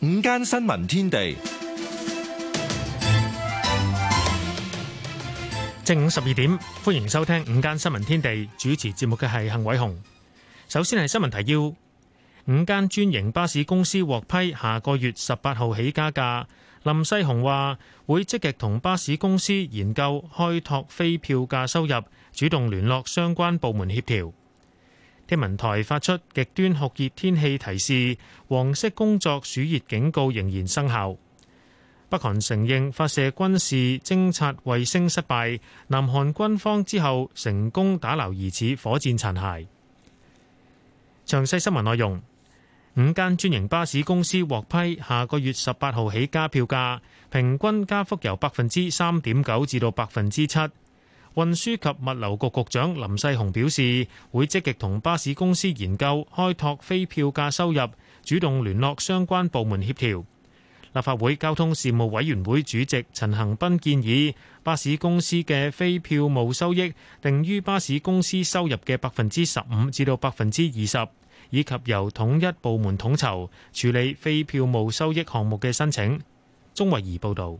午間新聞天地，正午十二點，歡迎收聽午間新聞天地。主持節目嘅係幸偉雄。首先係新聞提要：五間專營巴士公司獲批，下個月十八號起加價。林世雄話會積極同巴士公司研究開拓非票價收入，主動聯絡相關部門協調。天文台發出極端酷熱天氣提示，黃色工作暑熱警告仍然生效。北韓承認發射軍事偵察衛星失敗，南韓軍方之後成功打撈疑似火箭殘骸。詳細新聞內容：五間專營巴士公司獲批，下個月十八號起加票價，平均加幅由百分之三點九至到百分之七。運輸及物流局局長林世雄表示，會積極同巴士公司研究開拓非票價收入，主動聯絡相關部門協調。立法會交通事務委員會主席陳恆鑌建議，巴士公司嘅非票務收益定於巴士公司收入嘅百分之十五至到百分之二十，以及由統一部門統籌處理非票務收益項目嘅申請。鍾慧儀報道。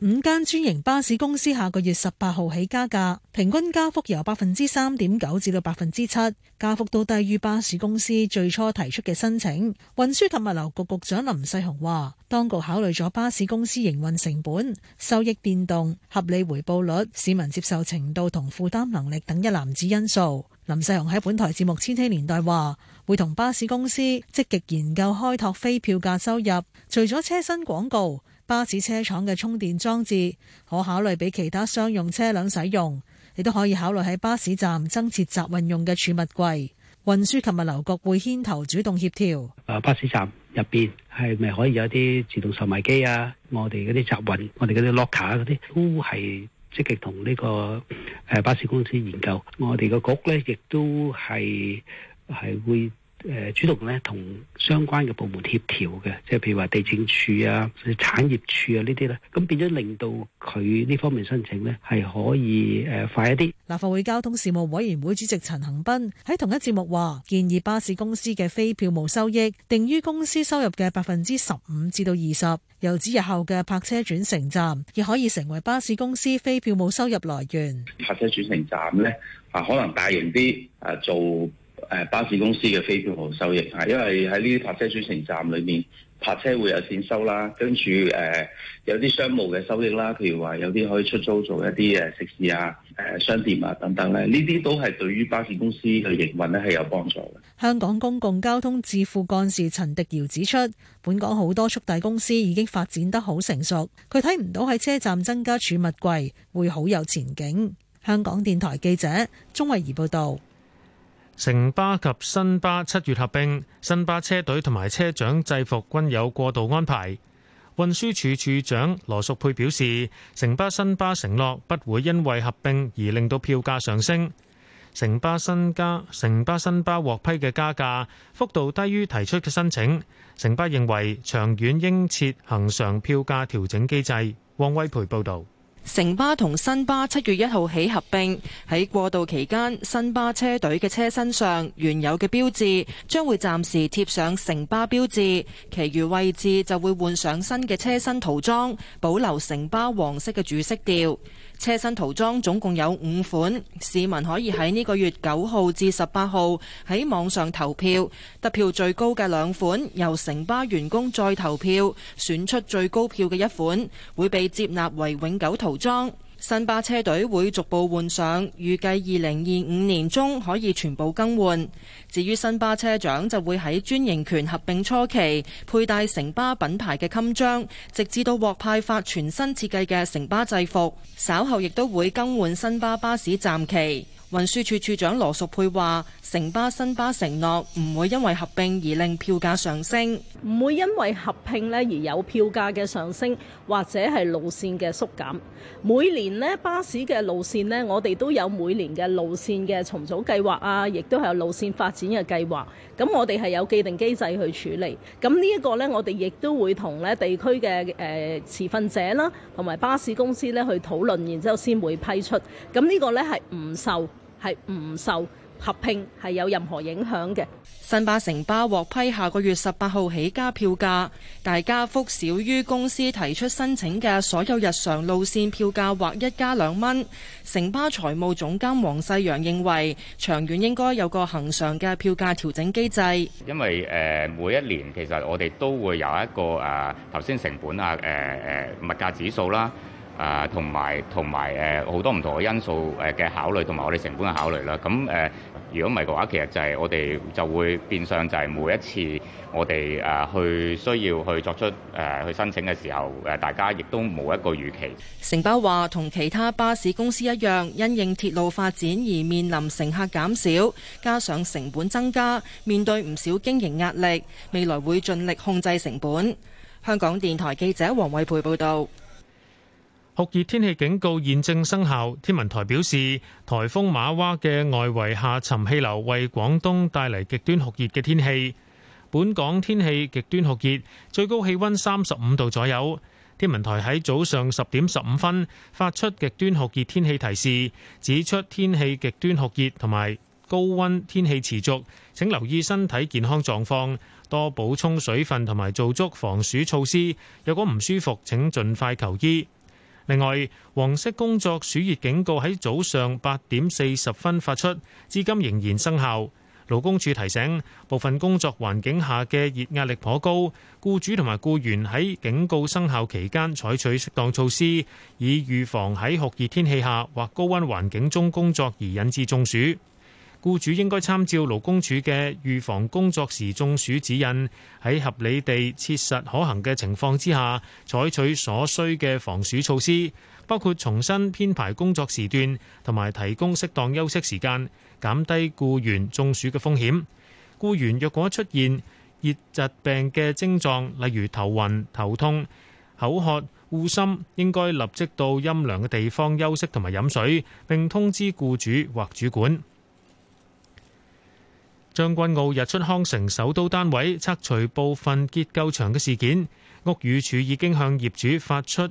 五間專營巴士公司下個月十八號起加價，平均加幅由百分之三點九至到百分之七，加幅都低於巴士公司最初提出嘅申請。運輸及物流局局長林世雄話：，當局考慮咗巴士公司營運成本、收益變動、合理回報率、市民接受程度同負擔能力等一籃子因素。林世雄喺本台節目《千禧年代》話：，會同巴士公司積極研究開拓非票價收入，除咗車身廣告。巴士車廠嘅充電裝置可考慮俾其他商用車輛使用，亦都可以考慮喺巴士站增設集運用嘅儲物櫃。運輸及物流局會牽頭主動協調。誒，巴士站入邊係咪可以有啲自動售賣機啊？我哋嗰啲集運，我哋嗰啲 locker 嗰啲都係積極同呢個誒巴士公司研究。我哋個局咧亦都係係會。誒，主動咧同相關嘅部門協調嘅，即係譬如話地政處啊、產業處啊呢啲咧，咁變咗令到佢呢方面申請咧係可以誒快一啲。立法會交通事務委員會主席陳恒斌喺同一節目話：建議巴士公司嘅非票務收益定於公司收入嘅百分之十五至到二十，由指日後嘅泊車轉乘站亦可以成為巴士公司非票務收入來源。泊車轉乘站咧，啊，可能大型啲啊，做。巴士公司嘅非票號收益啊，因為喺呢啲泊車轉乘站裏面泊車會有錢收啦，跟住誒有啲商務嘅收益啦，譬如話有啲可以出租做一啲誒食肆啊、誒商店啊等等咧，呢啲都係對於巴士公司嘅營運咧係有幫助嘅。香港公共交通致富幹事陳迪瑤指出，本港好多速遞公司已經發展得好成熟，佢睇唔到喺車站增加儲物櫃會好有前景。香港電台記者鍾慧儀報道。城巴及新巴七月合併，新巴車隊同埋車長制服均有過渡安排。運輸署署長羅淑佩表示，城巴新巴承諾不會因為合併而令到票價上升。城巴新加城巴新巴獲批嘅加價幅度低於提出嘅申請。城巴認為長遠應設恆常票價調整機制。汪威培報導。城巴同新巴七月一號起合併，喺過渡期間，新巴車隊嘅車身上原有嘅標誌將會暫時貼上城巴標誌，其餘位置就會換上新嘅車身塗裝，保留城巴黃色嘅主色調。車身塗裝總共有五款，市民可以喺呢個月九號至十八號喺網上投票，得票最高嘅兩款由城巴員工再投票，選出最高票嘅一款，會被接納為永久塗裝。新巴車隊會逐步換上，預計二零二五年中可以全部更換。至於新巴車長就會喺專營權合併初期佩戴城巴品牌嘅襟章，直至到獲派發全新設計嘅城巴制服，稍後亦都會更換新巴巴士站旗。運輸署署長羅淑佩話：城巴新巴承諾唔會因為合併而令票價上升，唔會因為合併呢而有票價嘅上升或者係路線嘅縮減。每年呢巴士嘅路線呢，我哋都有每年嘅路線嘅重組計劃啊，亦都係有路線發展嘅計劃。咁我哋係有既定機制去處理。咁呢一個呢，我哋亦都會同呢地區嘅誒、呃、持份者啦，同埋巴士公司呢去討論，然之後先會批出。咁呢個呢，係唔受。係唔受合併係有任何影響嘅。新巴城巴獲批下個月十八號起加票價，大家幅少於公司提出申請嘅所有日常路線票價或一加兩蚊。城巴財務總監黃世陽認為，長遠應該有個恒常嘅票價調整機制。因為誒、呃、每一年其實我哋都會有一個誒頭先成本啊誒誒物價指數啦。啊，同埋同埋誒，好多唔同嘅因素誒嘅考慮，同埋我哋成本嘅考慮啦。咁誒，如果唔係嘅話，其實就係我哋就會變相就係每一次我哋誒去需要去作出誒去申請嘅時候，誒大家亦都冇一個預期。城巴話，同其他巴士公司一樣，因應鐵路發展而面臨乘客減少，加上成本增加，面對唔少經營壓力，未來會盡力控制成本。香港電台記者黃偉培報道。酷熱天氣警告現正生效。天文台表示，台風馬娃嘅外圍下沉氣流為廣東帶嚟極端酷熱嘅天氣。本港天氣極端酷熱，最高氣溫三十五度左右。天文台喺早上十點十五分發出極端酷熱天氣提示，指出天氣極端酷熱同埋高温天氣持續，請留意身體健康狀況，多補充水分同埋做足防暑措施。若果唔舒服，請盡快求醫。另外，黃色工作暑熱警告喺早上八點四十分發出，至今仍然生效。勞工處提醒，部分工作環境下嘅熱壓力頗高，僱主同埋僱員喺警告生效期間採取適當措施，以預防喺酷熱天氣下或高温環境中工作而引致中暑。僱主應該參照勞工處嘅預防工作時中暑指引，喺合理地、切實可行嘅情況之下，採取所需嘅防暑措施，包括重新編排工作時段，同埋提供適當休息時間，減低僱員中暑嘅風險。僱員若果出現熱疾病嘅症狀，例如頭暈、頭痛、口渴、護心，應該立即到陰涼嘅地方休息同埋飲水，並通知僱主或主管。將軍澳日出康城首都單位拆除部分結構牆嘅事件，屋宇署已經向業主發出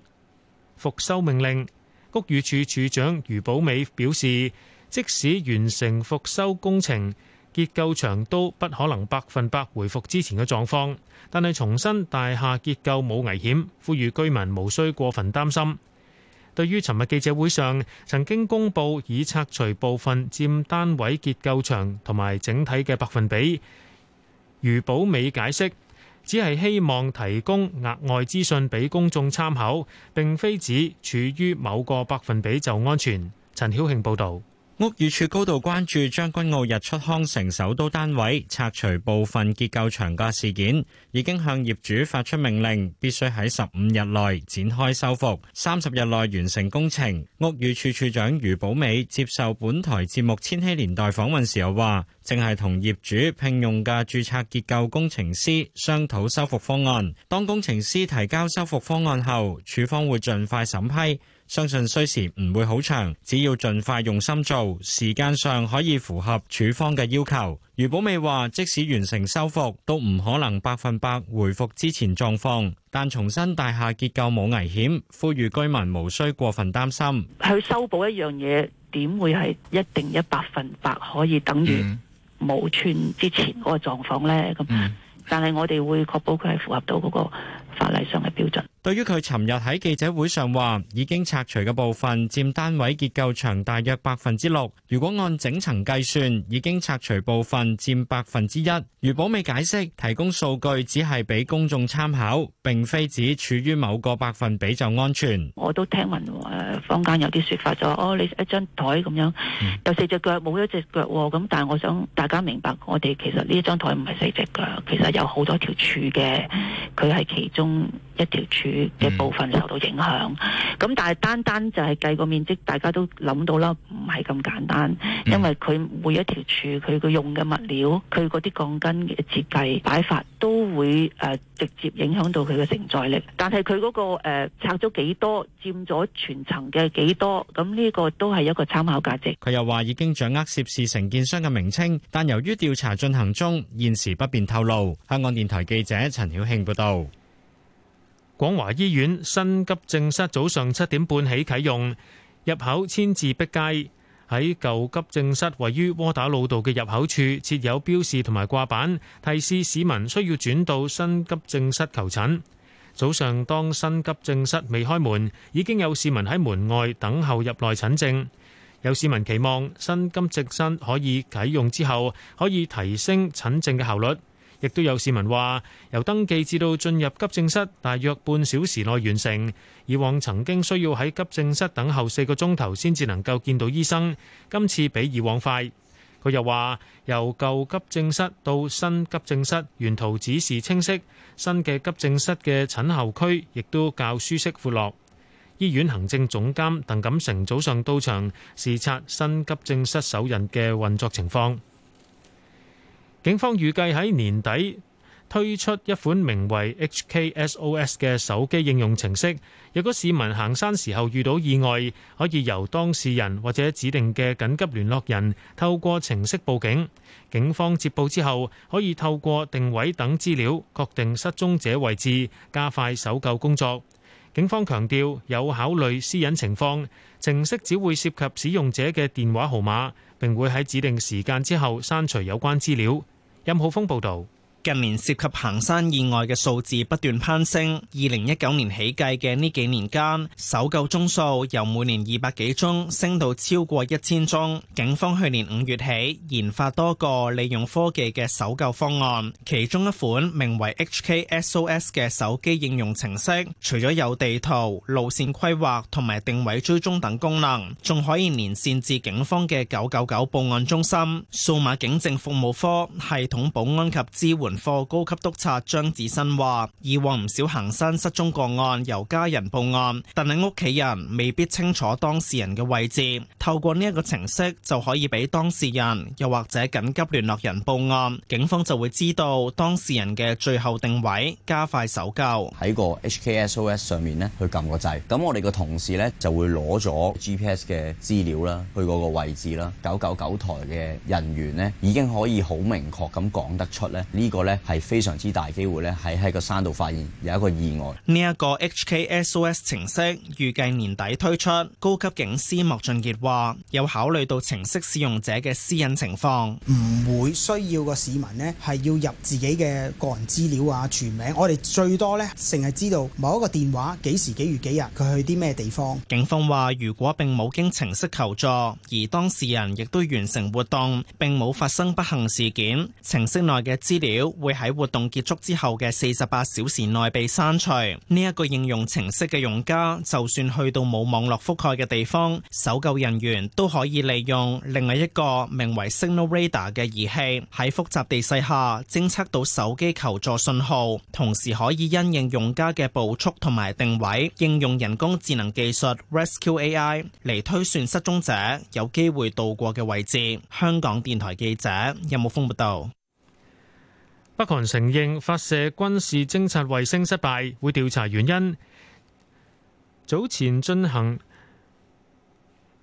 復修命令。屋宇署署長余寶美表示，即使完成復修工程，結構牆都不可能百分百回復之前嘅狀況，但係重申大廈結構冇危險，呼籲居民無需過分擔心。對於尋日記者會上曾經公佈已拆除部分佔單位結構牆同埋整體嘅百分比，余寶美解釋，只係希望提供額外資訊俾公眾參考，並非指處於某個百分比就安全。陳曉慶報導。屋宇署高度關注將軍澳日出康城首都單位拆除部分結構牆事件，已經向業主發出命令，必須喺十五日內展開修復，三十日內完成工程。屋宇署署長余寶美接受本台節目《千禧年代》訪問時又話，正係同業主聘用嘅註冊結構工程師商討修復方案。當工程師提交修復方案後，署方會盡快審批。相信需時唔會好長，只要盡快用心做，時間上可以符合處方嘅要求。余寶美話，即使完成修復，都唔可能百分百回復之前狀況，但重新大廈結構冇危險，呼籲居民無需過分擔心。去修補一樣嘢，點會係一定一百分百可以等於冇穿之前嗰個狀況咧？咁，但係我哋會確保佢係符合到嗰個法例上嘅標準。對於佢尋日喺記者會上話已經拆除嘅部分佔單位結構長大約百分之六，如果按整層計算，已經拆除部分佔百分之一。余寶美解釋提供數據只係俾公眾參考，並非指處於某個百分比就安全。我都聽聞誒坊間有啲說法就話哦，你一張台咁樣有四隻腳冇一隻腳，咁但係我想大家明白，我哋其實呢一張台唔係四隻腳，其實有好多條柱嘅，佢係其中。一條柱嘅部分受到影響，咁、嗯、但係單單就係計個面積，大家都諗到啦，唔係咁簡單，嗯、因為佢每一條柱佢個用嘅物料，佢嗰啲鋼筋嘅設計擺法都會誒、呃、直接影響到佢嘅承載力。但係佢嗰個誒、呃、拆咗幾多，佔咗全層嘅幾多，咁呢個都係一個參考價值。佢又話已經掌握涉事承建商嘅名稱，但由於調查進行中，現時不便透露。香港電台記者陳曉慶報道。廣華醫院新急症室早上七點半起啟用，入口遷至碧街。喺舊急症室位於窩打老道嘅入口處，設有標示同埋掛板，提示市民需要轉到新急症室求診。早上當新急症室未開門，已經有市民喺門外等候入內診症。有市民期望新急症室可以啟用之後，可以提升診症嘅效率。亦都有市民話，由登記至到進入急症室，大約半小時內完成。以往曾經需要喺急症室等候四個鐘頭先至能夠見到醫生，今次比以往快。佢又話，由舊急症室到新急症室，沿途指示清晰，新嘅急症室嘅診候區亦都較舒適闊落。醫院行政總監鄧錦成早上到場視察新急症室首日嘅運作情況。警方預計喺年底推出一款名為 HKSOS 嘅手機應用程式。若果市民行山時候遇到意外，可以由當事人或者指定嘅緊急聯絡人透過程式報警。警方接報之後，可以透過定位等資料確定失蹤者位置，加快搜救工作。警方強調有考慮私隱情況，程式只會涉及使用者嘅電話號碼，並會喺指定時間之後刪除有關資料。任浩峰報道。近年涉及行山意外嘅數字不斷攀升，二零一九年起計嘅呢幾年間，搜救宗數由每年二百幾宗升到超過一千宗。警方去年五月起研發多個利用科技嘅搜救方案，其中一款名為 HKSOS 嘅手機應用程式，除咗有地圖、路線規劃同埋定位追蹤等功能，仲可以連線至警方嘅九九九報案中心、數碼警政服務科系統保安及支援。貨高級督察張智新話：以往唔少行山失蹤個案由家人報案，但係屋企人未必清楚當事人嘅位置。透過呢一個程式，就可以俾當事人又或者緊急聯絡人報案，警方就會知道當事人嘅最後定位，加快搜救。喺個 HKSOS 上面咧去撳個掣，咁我哋個同事咧就會攞咗 GPS 嘅資料啦，去嗰個位置啦。九九九台嘅人員咧已經可以好明確咁講得出咧呢個。咧係非常之大機會咧，喺喺個山度發現有一個意外。呢一個 HKSOS 程式預計年底推出。高級警司莫俊傑話：有考慮到程式使用者嘅私隱情況，唔會需要個市民咧係要入自己嘅個人資料啊、全名。我哋最多咧，淨係知道某一個電話幾時幾月幾日佢去啲咩地方。警方話：如果並冇經程式求助，而當事人亦都完成活動，並冇發生不幸事件，程式內嘅資料，會喺活動結束之後嘅四十八小時內被刪除。呢、這、一個應用程式嘅用家，就算去到冇網絡覆蓋嘅地方，搜救人員都可以利用另外一個名為 Signal Radar 嘅儀器喺複雜地勢下偵測到手機求助信號，同時可以因應用家嘅步速同埋定位，應用人工智能技術 Rescue AI 嚟推算失蹤者有機會到過嘅位置。香港電台記者任慕峰報道。北韓承認發射軍事偵察衛星失敗，會調查原因。早前進行，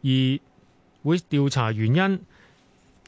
而會調查原因。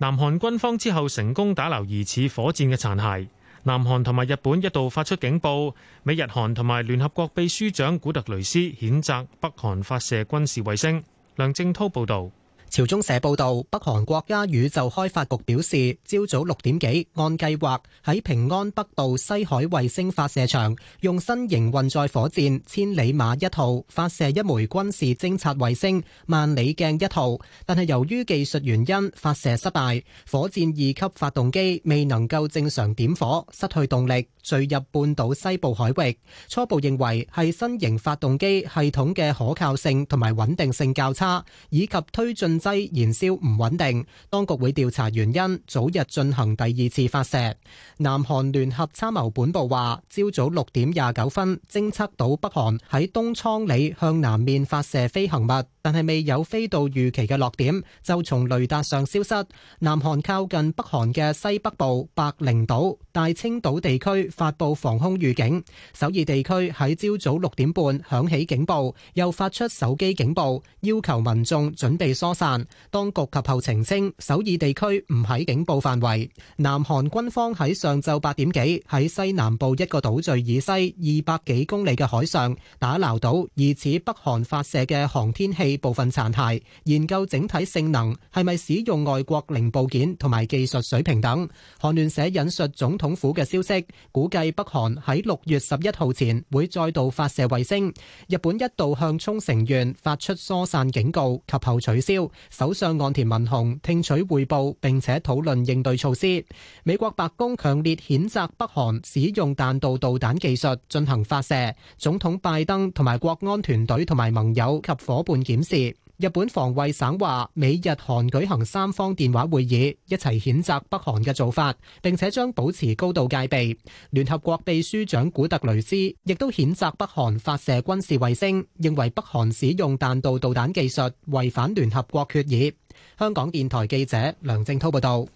南韓軍方之後成功打撈疑似火箭嘅殘骸。南韓同埋日本一度發出警報。美日韓同埋聯合國秘書長古特雷斯譴責北韓發射軍事衛星。梁正濤報道。朝中社報道，北韓國家宇宙開發局表示，朝早六點幾，按計劃喺平安北道西海衛星發射場，用新型運載火箭千里馬一號發射一枚軍事偵察衛星萬里鏡一號，但係由於技術原因發射失敗，火箭二級發動機未能夠正常點火，失去動力墜入半島西部海域。初步認為係新型發動機系統嘅可靠性同埋穩定性較差，以及推進劑燃燒唔穩定，當局會調查原因，早日進行第二次發射。南韓聯合參謀本部話，朝早六點廿九分偵測到北韓喺東倉里向南面發射飛行物。但係未有飛到預期嘅落點，就從雷達上消失。南韓靠近北韓嘅西北部白翎島、大青島地區發佈防空預警。首爾地區喺朝早六點半響起警報，又發出手機警報，要求民眾準備疏散。當局及後澄清，首爾地區唔喺警報範圍。南韓軍方喺上晝八點幾喺西南部一個島嶼以西二百幾公里嘅海上打撈到疑似北韓發射嘅航天器。部分殘骸，研究整體性能係咪使用外國零部件同埋技術水平等。韓聯社引述總統府嘅消息，估計北韓喺六月十一號前會再度發射衛星。日本一度向沖繩縣發出疏散警告，及後取消。首相岸田文雄聽取匯報，並且討論應對措施。美國白宮強烈譴責北韓使用彈道導彈技術進行發射。總統拜登同埋國安團隊同埋盟友及伙伴檢。是日本防衛省話，美日韓舉行三方電話會議，一齊譴責北韓嘅做法，並且將保持高度戒備。聯合國秘書長古特雷斯亦都譴責北韓發射軍事衛星，認為北韓使用彈道導彈技術違反聯合國決議。香港電台記者梁正濤報道：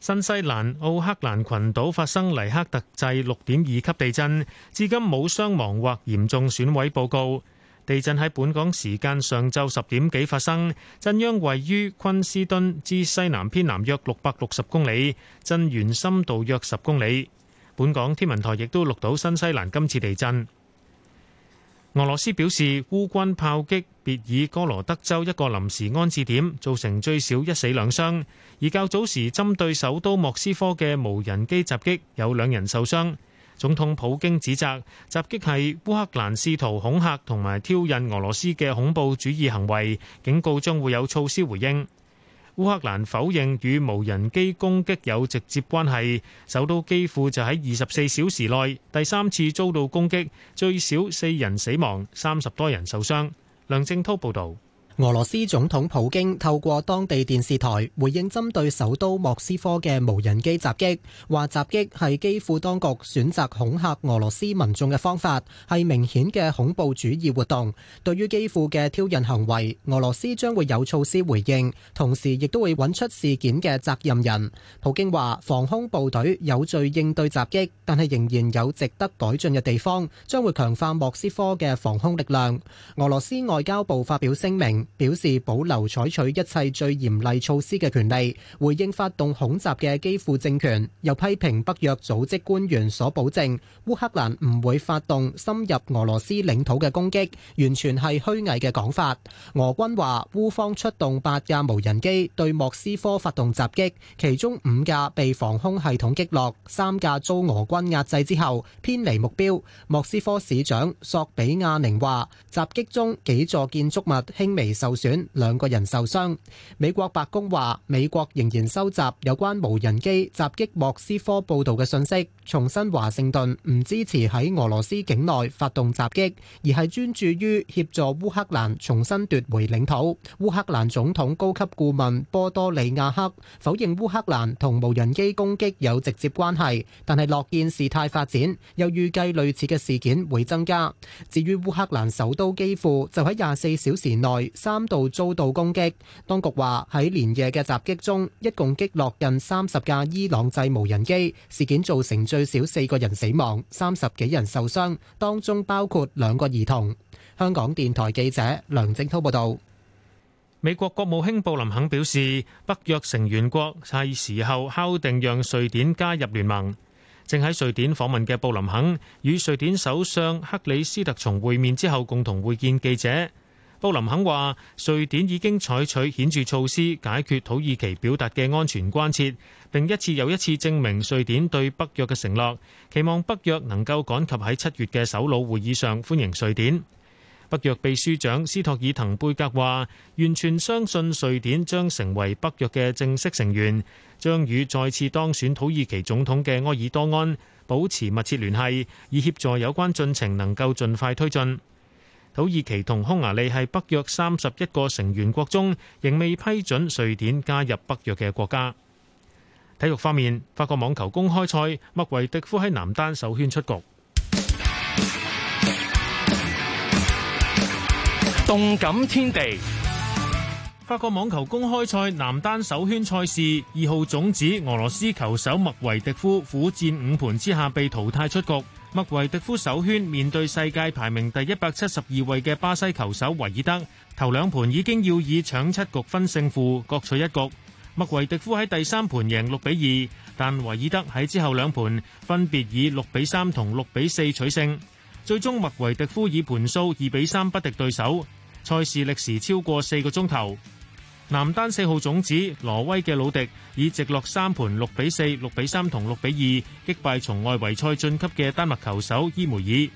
新西蘭奧克蘭群島發生黎克特制六點二級地震，至今冇傷亡或嚴重損毀報告。地震喺本港時間上晝十點幾發生，震央位於昆斯敦至西南偏南約六百六十公里，震源深度約十公里。本港天文台亦都錄到新西蘭今次地震。俄羅斯表示烏軍炮擊別爾哥羅德州一個臨時安置點，造成最少一死兩傷；而較早時針對首都莫斯科嘅無人機襲擊，有兩人受傷。總統普京指責襲擊係烏克蘭試圖恐嚇同埋挑釁俄羅斯嘅恐怖主義行為，警告將會有措施回應。烏克蘭否認與無人機攻擊有直接關係。首都基輔就喺二十四小時內第三次遭到攻擊，最少四人死亡，三十多人受傷。梁正濤報導。俄羅斯總統普京透過當地電視台回應針對首都莫斯科嘅無人機襲擊，話襲擊係基輔當局選擇恐嚇俄羅斯民眾嘅方法，係明顯嘅恐怖主義活動。對於基輔嘅挑釁行為，俄羅斯將會有措施回應，同時亦都會揾出事件嘅責任人。普京話：防空部隊有序應對襲擊，但係仍然有值得改進嘅地方，將會強化莫斯科嘅防空力量。俄羅斯外交部發表聲明。表示保留採取一切最嚴厲措施嘅權利，回應發動恐襲嘅基輔政權，又批評北約組織官員所保證烏克蘭唔會發動深入俄羅斯領土嘅攻擊完全係虛偽嘅講法。俄軍話烏方出動八架無人機對莫斯科發動襲擊，其中五架被防空系統擊落，三架遭俄軍壓制之後偏離目標。莫斯科市長索比亞寧話襲擊中幾座建築物輕微受損，兩個人受傷。美國白宮話，美國仍然收集有關無人機襲擊莫斯科報道嘅信息。重申華盛頓唔支持喺俄羅斯境內發動襲擊，而係專注於協助烏克蘭重新奪回領土。烏克蘭總統高級顧問波多利亞克否認烏克蘭同無人機攻擊有直接關係，但係樂見事態發展，又預計類似嘅事件會增加。至於烏克蘭首都基輔，就喺廿四小時內。三度遭到攻擊，當局話喺連夜嘅襲擊中，一共擊落近三十架伊朗製無人機。事件造成最少四個人死亡，三十幾人受傷，當中包括兩個兒童。香港電台記者梁正滔報導。美國國務卿布林肯表示，北約成員國係時候敲定讓瑞典加入聯盟。正喺瑞典訪問嘅布林肯與瑞典首相克里斯特松會面之後，共同會見記者。布林肯話：瑞典已經採取顯著措施解決土耳其表達嘅安全關切，並一次又一次證明瑞典對北約嘅承諾。期望北約能夠趕及喺七月嘅首腦會議上歡迎瑞典。北約秘書長斯托爾滕貝格話：完全相信瑞典將成為北約嘅正式成員，將與再次當選土耳其總統嘅埃爾多安保持密切聯繫，以協助有關進程能夠盡快推進。土耳其同匈牙利係北約三十一個成員國中仍未批准瑞典加入北約嘅國家。體育方面，法國網球公開賽，麥維迪夫喺男單首圈出局。動感天地。法國網球公開賽男單首圈賽事，二號種子俄羅斯球手麥維迪夫苦戰五盤之下被淘汰出局。麥維迪夫首圈面對世界排名第一百七十二位嘅巴西球手維爾德，頭兩盤已經要以搶七局分勝負，各取一局。麥維迪夫喺第三盤贏六比二，但維爾德喺之後兩盤分別以六比三同六比四取勝，最終麥維迪夫以盤數二比三不敵對手。賽事歷時超過四個鐘頭。男單四號種子挪威嘅魯迪以直落三盤六比四、六比三同六比二擊敗從外圍賽晉級嘅丹麥球手伊梅爾，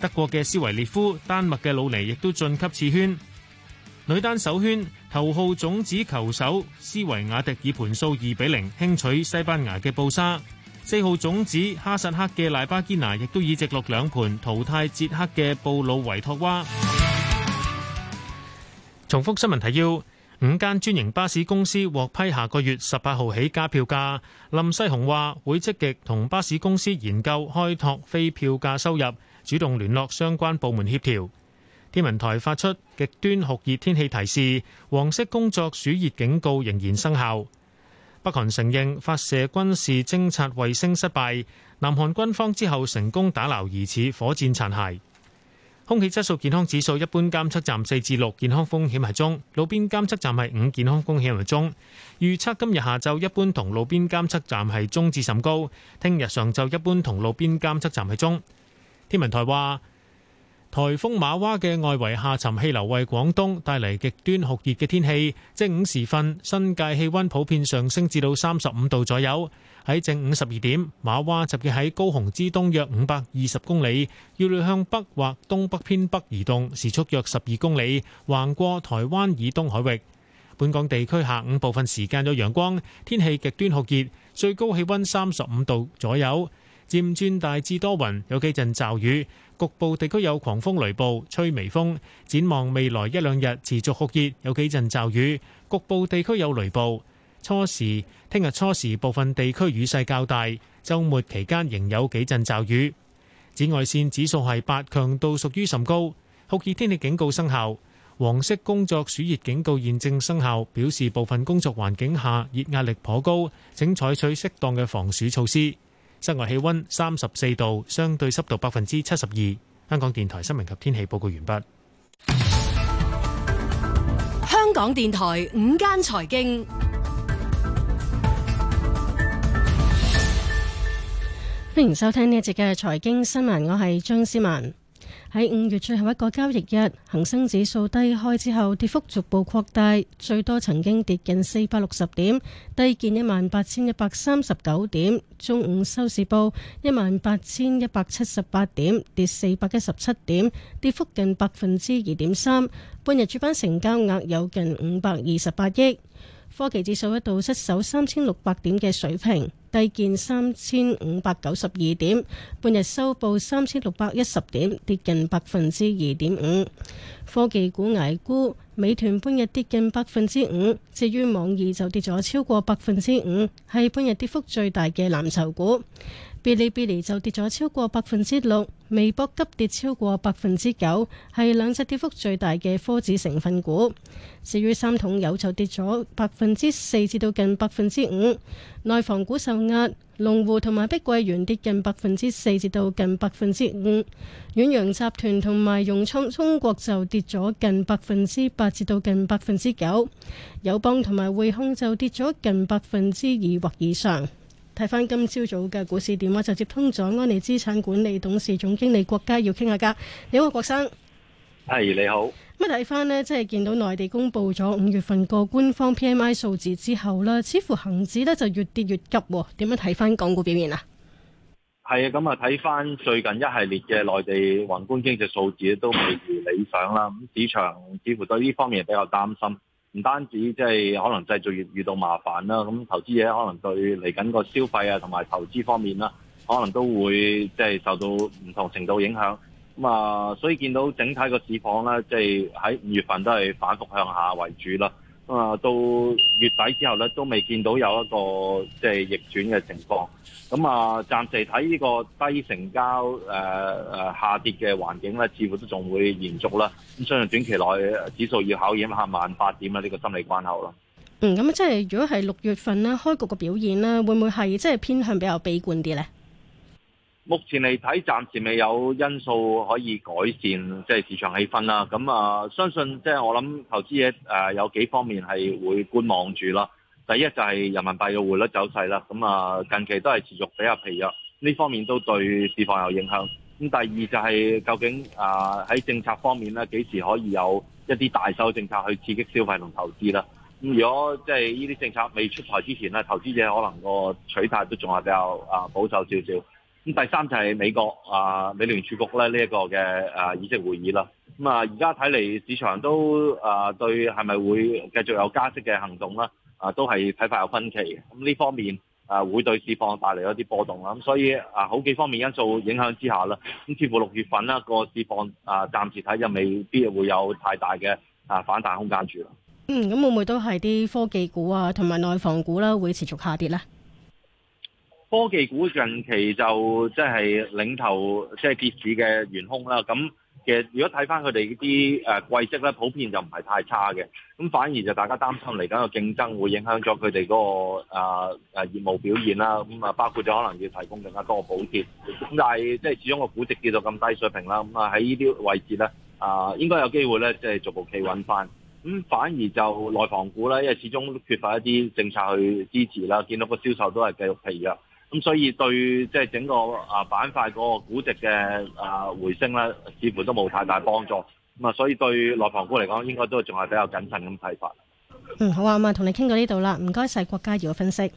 德國嘅斯維列夫、丹麥嘅魯尼亦都晉級次圈。女單首圈頭號種子球手斯維亞迪以盤數二比零輕取西班牙嘅布沙。四號種子哈薩克嘅賴巴堅娜亦都以直落兩盤淘汰捷克嘅布魯維托娃。 重複新聞提要。五間專營巴士公司獲批下個月十八號起加票價。林世雄話：會積極同巴士公司研究開拓非票價收入，主動聯絡相關部門協調。天文台發出極端酷熱天氣提示，黃色工作暑熱警告仍然生效。北韓承認發射軍事偵察衛星失敗，南韓軍方之後成功打撈疑似火箭殘骸。空氣質素健康指數一般監測站四至六，健康風險係中；路邊監測站係五，健康風險係中。預測今日下晝一般同路邊監測站係中至甚高。聽日上晝一般同路邊監測站係中。天文台話，台風馬娃嘅外圍下沉氣流為廣東帶嚟極端酷熱嘅天氣。正午時分，新界氣溫普遍上升至到三十五度左右。喺正午十二點，瑪娃集結喺高雄之東約五百二十公里，預料向北或東北偏北移動，時速約十二公里，橫過台灣以東海域。本港地區下午部分時間有陽光，天氣極端酷熱，最高氣温三十五度左右，漸轉大致多雲，有幾陣驟雨，局部地區有狂風雷暴，吹微風。展望未來一兩日持續酷熱，有幾陣驟雨，局部地區有雷暴。初時，聽日初時部分地區雨勢較大，周末期間仍有幾陣驟雨。紫外線指數係八，強度屬於甚高，酷熱天氣警告生效。黃色工作暑熱警告現正生效，表示部分工作環境下熱壓力頗高，請採取適當嘅防暑措施。室外氣温三十四度，相對濕度百分之七十二。香港電台新聞及天氣報告完畢。香港電台午間財經。歡迎收聽呢一節嘅財經新聞，我係張思文。喺五月最後一個交易日，恒生指數低開之後，跌幅逐步擴大，最多曾經跌近四百六十點，低見一萬八千一百三十九點。中午收市報一萬八千一百七十八點，跌四百一十七點，跌幅近百分之二點三。半日主板成交額有近五百二十八億，科技指數一度失守三千六百點嘅水平。低見三千五百九十二點，半日收報三千六百一十點，跌近百分之二點五。科技股挨沽，美團半日跌近百分之五，至於網易就跌咗超過百分之五，係半日跌幅最大嘅藍籌股。嗶哩嗶哩就跌咗超過百分之六，微博急跌超過百分之九，係兩隻跌幅最大嘅科指成分股。至於三桶油就跌咗百分之四至到近百分之五，內房股受壓，龍湖同埋碧桂園跌近百分之四至到近百分之五，遠洋集團同埋融創中國就跌咗近百分之八至到近百分之九，友邦同埋匯控就跌咗近百分之二或以上。睇翻今朝早嘅股市點啊，就接通咗安利資產管理董事總經理郭家耀傾下偈。你好，郭生。係、hey, 你好。咁睇翻呢，即係見到內地公布咗五月份個官方 PMI 數字之後啦，似乎恒指咧就越跌越急。點樣睇翻港股表現啊？係啊、hey,，咁啊睇翻最近一系列嘅內地宏觀經濟數字都未如理想啦，咁市場似乎對呢方面比較擔心。唔單止即係可能製造業遇到麻煩啦，咁投資者可能對嚟緊個消費啊同埋投資方面啦、啊，可能都會即係受到唔同程度影響。咁啊，所以見到整體個市況咧，即係喺五月份都係反覆向下為主啦。啊，到月底之後咧，都未見到有一個即係逆轉嘅情況。咁啊，暫時睇呢個低成交、誒、呃、誒下跌嘅環境咧，似乎都仲會延續啦。咁相信短期內指數要考驗下萬八點啦，呢個心理關口咯。嗯，咁即係如果係六月份咧，開局嘅表現咧，會唔會係即係偏向比較悲觀啲咧？目前嚟睇，暫時未有因素可以改善，即係市場氣氛啦。咁啊，相信即係我諗，投資者誒有幾方面係會觀望住啦。第一就係人民幣嘅匯率走勢啦。咁啊，近期都係持續比較疲弱，呢方面都對市況有影響。咁第二就係究竟啊喺政策方面咧，幾時可以有一啲大手政策去刺激消費同投資啦？咁如果即係呢啲政策未出台之前咧，投資者可能個取態都仲係比較啊保守少少。咁第三就係美國啊，美聯儲局咧呢一、這個嘅啊議息會議啦。咁啊，而家睇嚟市場都啊對係咪會繼續有加息嘅行動咧？啊，都係睇法有分歧嘅。咁、啊、呢方面啊，會對市況帶嚟一啲波動啦。咁、啊、所以啊，好幾方面因素影響之下啦。咁、啊、似乎六月份啦個市況啊，暫時睇就未必會有太大嘅啊反彈空間住啦。嗯，咁會唔會都係啲科技股啊，同埋內房股啦、啊，會持續下跌咧？科技股近期就即係領頭，即係跌市嘅元兇啦。咁其實如果睇翻佢哋嗰啲誒季績咧，普遍就唔係太差嘅。咁反而就大家擔心嚟緊個競爭會影響咗佢哋嗰個誒誒、啊啊、業務表現啦。咁啊，包括咗可能要提供更加多個補貼，咁但係即係始終個估值跌到咁低水平啦。咁啊喺呢啲位置咧，啊應該有機會咧即係逐步企穩翻。咁反而就內房股咧，因為始終缺乏一啲政策去支持啦，見到個銷售都係繼續疲弱。咁所以對即係整個啊板塊嗰個估值嘅啊回升咧，似乎都冇太大幫助。咁啊，所以對內房股嚟講，應該都仲係比較謹慎咁睇法。嗯，好啊，咁啊，同你傾到呢度啦，唔該晒郭家耀嘅分析。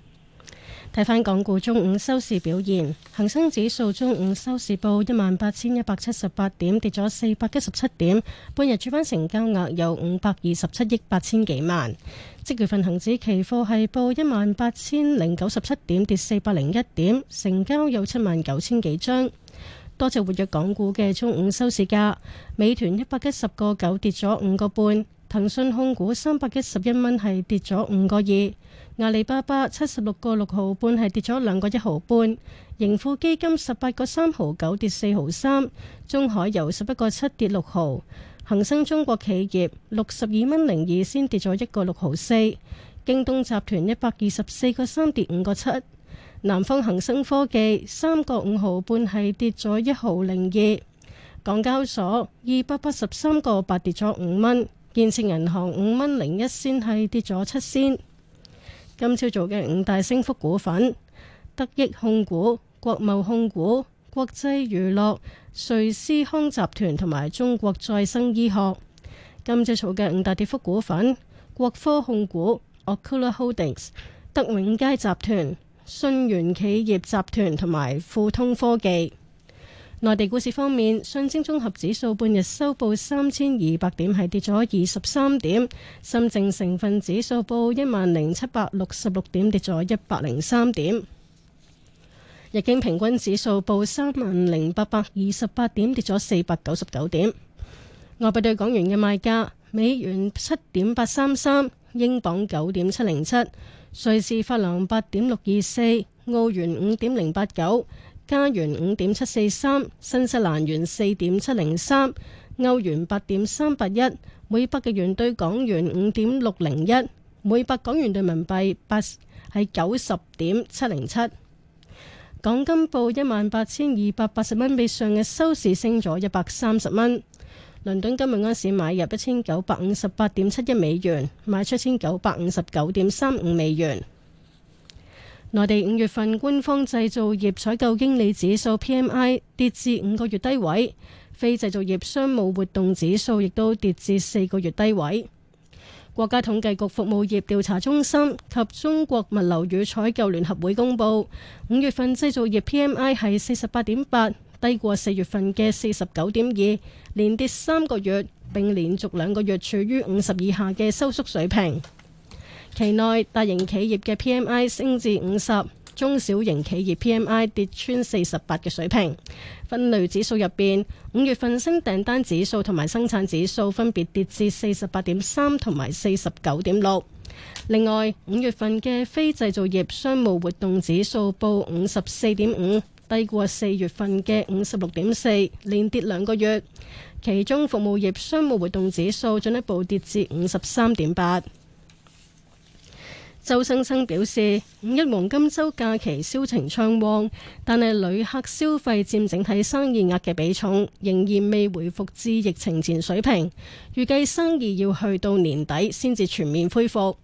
睇返港股中午收市表現，恒生指數中午收市報一萬八千一百七十八點，跌咗四百一十七點。半日主板成交額有五百二十七億八千幾萬。即月份恒指期貨係報一萬八千零九十七點，跌四百零一點，成交有七萬九千幾張。多隻活躍港股嘅中午收市價，美團一百一十個九跌咗五個半，騰訊控股三百一十一蚊係跌咗五個二。阿里巴巴七十六個六毫半係跌咗兩個一毫半，盈富基金十八個三毫九跌四毫三，中海油十一個七跌六毫，恒生中國企業六十二蚊零二先跌咗一個六毫四，京東集團一百二十四個三跌五個七，南方恒生科技三個五毫半係跌咗一毫零二，港交所二百八十三個八跌咗五蚊，建設銀行五蚊零一先係跌咗七仙。今朝早嘅五大升幅股份：得益控股、國貿控股、國際娛樂、瑞思康集團同埋中國再生醫學。今朝早嘅五大跌幅股份：國科控股、Ocula Holdings、德永佳集團、信源企業集團同埋富通科技。內地股市方面，上證綜合指數半日收報三千二百點，係跌咗二十三點；深證成分指數報一萬零七百六十六點，跌咗一百零三點；日經平均指數報三萬零八百二十八點，跌咗四百九十九點。外幣對港元嘅賣價：美元七點八三三，英鎊九點七零七，瑞士法郎八點六二四，澳元五點零八九。加元五點七四三，新西蘭元四點七零三，歐元八點三八一，每百日元兌港元五點六零一，每百港元兌人民幣八係九十點七零七。港金報一萬八千二百八十蚊，比上日收市升咗一百三十蚊。倫敦金今日安市買入一千九百五十八點七一美元，賣出一千九百五十九點三五美元。內地五月份官方製造業採購經理指數 PMI 跌至五個月低位，非製造業商務活動指數亦都跌至四個月低位。國家統計局服務業調查中心及中國物流與採購聯合會公布，五月份製造業 PMI 係四十八點八，低過四月份嘅四十九點二，連跌三個月，並連續兩個月處於五十以下嘅收縮水平。期內大型企業嘅 PMI 升至五十，中小型企業 PMI 跌穿四十八嘅水平。分類指數入邊，五月份升訂單指數同埋生產指數分別跌至四十八點三同埋四十九點六。另外，五月份嘅非製造業商務活動指數報五十四點五，低過四月份嘅五十六點四，連跌兩個月。其中服務業商務活動指數進一步跌至五十三點八。周生生表示，五一黃金周假期銷情暢旺，但係旅客消費佔整體生意額嘅比重仍然未恢復至疫情前水平，預計生意要去到年底先至全面恢復。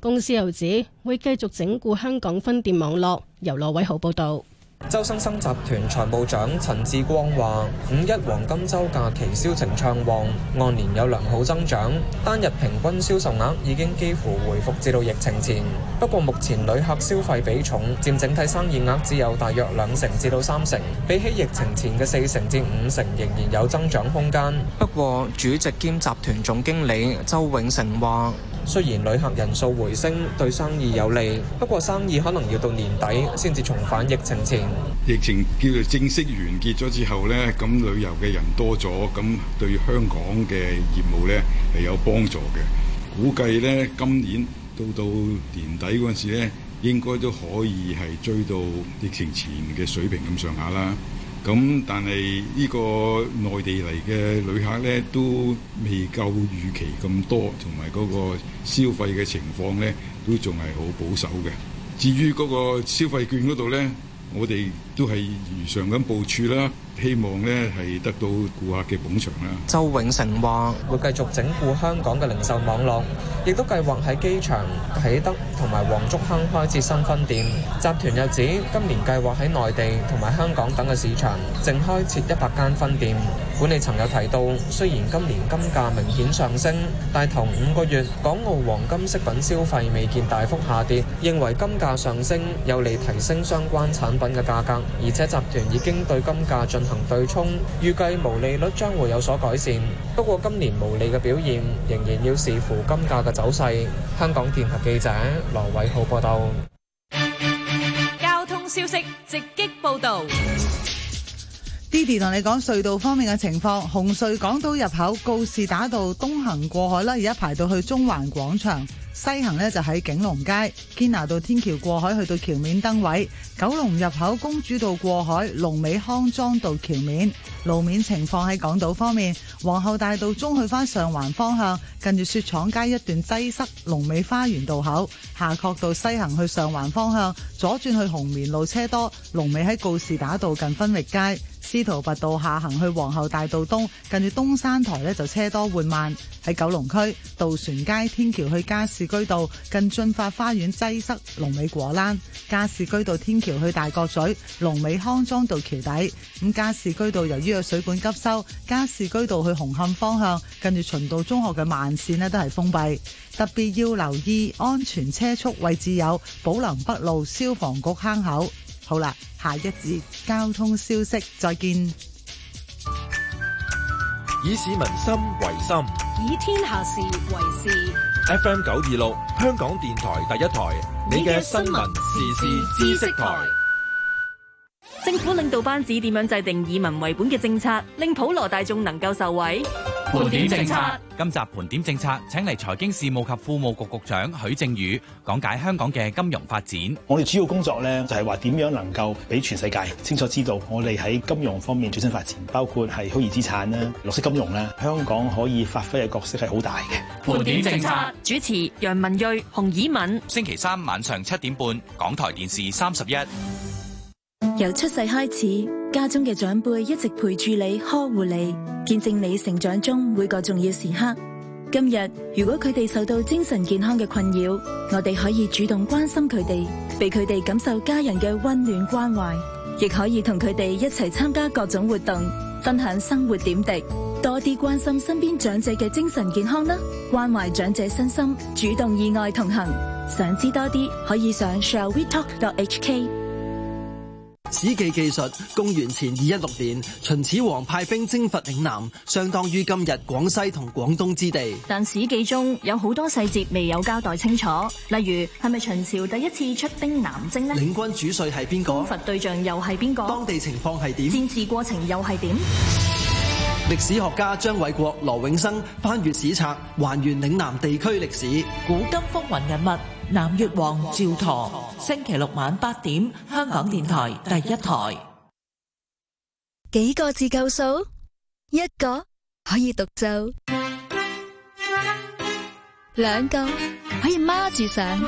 公司又指會繼續整固香港分店網絡。由羅偉豪報道。周生生集團財務長陳志光話：五一黃金周假期銷情暢旺，按年有良好增長，單日平均銷售額已經幾乎回復至到疫情前。不過目前旅客消費比重佔整體生意額只有大約兩成至到三成，比起疫情前嘅四成至五成，仍然有增長空間。不過主席兼集團總經理周永成話：雖然旅客人數回升對生意有利，不過生意可能要到年底先至重返疫情前。疫情叫做正式完結咗之後呢，咁旅遊嘅人多咗，咁對香港嘅業務呢係有幫助嘅。估計呢今年到到年底嗰陣時呢，應該都可以係追到疫情前嘅水平咁上下啦。咁，但係呢個內地嚟嘅旅客咧，都未夠預期咁多，同埋嗰個消費嘅情況咧，都仲係好保守嘅。至於嗰個消費券嗰度咧，我哋都係如常咁部署啦。希望咧係得到顧客嘅捧場啦。周永成話會繼續整固香港嘅零售網絡，亦都計劃喺機場、啟德同埋黃竹坑開設新分店。集團又指今年計劃喺內地同埋香港等嘅市場，淨開設一百間分店。管理層有提到，雖然今年金價明顯上升，但頭五個月港澳黃金飾品消費未見大幅下跌，認為金價上升有利提升相關產品嘅價格，而且集團已經對金價進行行對沖，預計毛利率將會有所改善。不過今年毛利嘅表現仍然要視乎金價嘅走勢。香港電台記者羅偉浩報道。交通消息直擊報導。d i 同你講隧道方面嘅情況，紅隧港島入口告士打道東行過海啦，而家排到去中環廣場；西行呢就喺景隆街堅拿道天橋過海去到橋面燈位；九龍入口公主道過海龍尾康莊道橋面路面情況。喺港島方面，皇后大道中去翻上環方向，近住雪廠街一段擠塞，龍尾花園道口夏慤道西行去上環方向，左轉去紅棉路車多，龍尾喺告士打道近分域街。司徒拔道下行去皇后大道東，近住東山台呢就車多緩慢；喺九龍區渡船街天橋去加士居道，近駿發花園擠塞，龍尾果欄；加士居道天橋去大角咀，龍尾康莊道橋底。咁加士居道由於有水管急修，加士居道去紅磡方向，近住循道中學嘅慢線呢都係封閉。特別要留意安全車速位置有寶林北路消防局坑口。好啦。下一節交通消息，再見。以市民心為心，以天下事為事。FM 九二六，香港電台第一台，你嘅新聞時事知識台。政府領導班子點樣制定以民為本嘅政策，令普羅大眾能夠受惠？盤點政策，今集盤點政策，請嚟財經事務及庫務局局長許正宇講解香港嘅金融發展。我哋主要工作呢，就係話點樣能夠俾全世界清楚知道我哋喺金融方面最新發展，包括係虛擬資產啦、綠色金融啦，香港可以發揮嘅角色係好大嘅。盤點政策主持楊文睿、洪綺敏，星期三晚上七點半，港台電視三十一。由出世開始，家中嘅長輩一直陪住你、呵護你，見證你成長中每個重要時刻。今日如果佢哋受到精神健康嘅困擾，我哋可以主動關心佢哋，俾佢哋感受家人嘅溫暖關懷，亦可以同佢哋一齊參加各種活動，分享生活點滴，多啲關心身邊長者嘅精神健康啦！關懷長者身心，主動意外同行。想知多啲，可以上 shallwetalk.hk。史記記述，公元前二一六年，秦始皇派兵征伐嶺南，相當於今日廣西同廣東之地。但史記中有好多細節未有交代清楚，例如係咪秦朝第一次出兵南征呢？領軍主帥係邊個？征伐對象又係邊個？當地情況係點？戰事過程又係點？歷史學家張偉國、羅永生翻閱史冊，還原嶺南地區歷史，古今風雲人物。南越王趙佗，星期六晚八點，香港電台第一台。幾個才夠數？一個可以獨奏，兩個可以孖住上，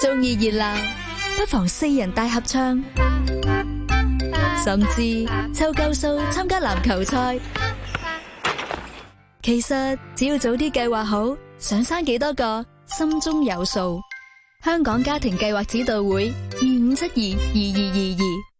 中意熱鬧不妨四人大合唱，甚至湊夠數參加籃球賽。其實只要早啲計劃好。想生幾多個，心中有數。香港家庭計劃指導會二五七二二二二二。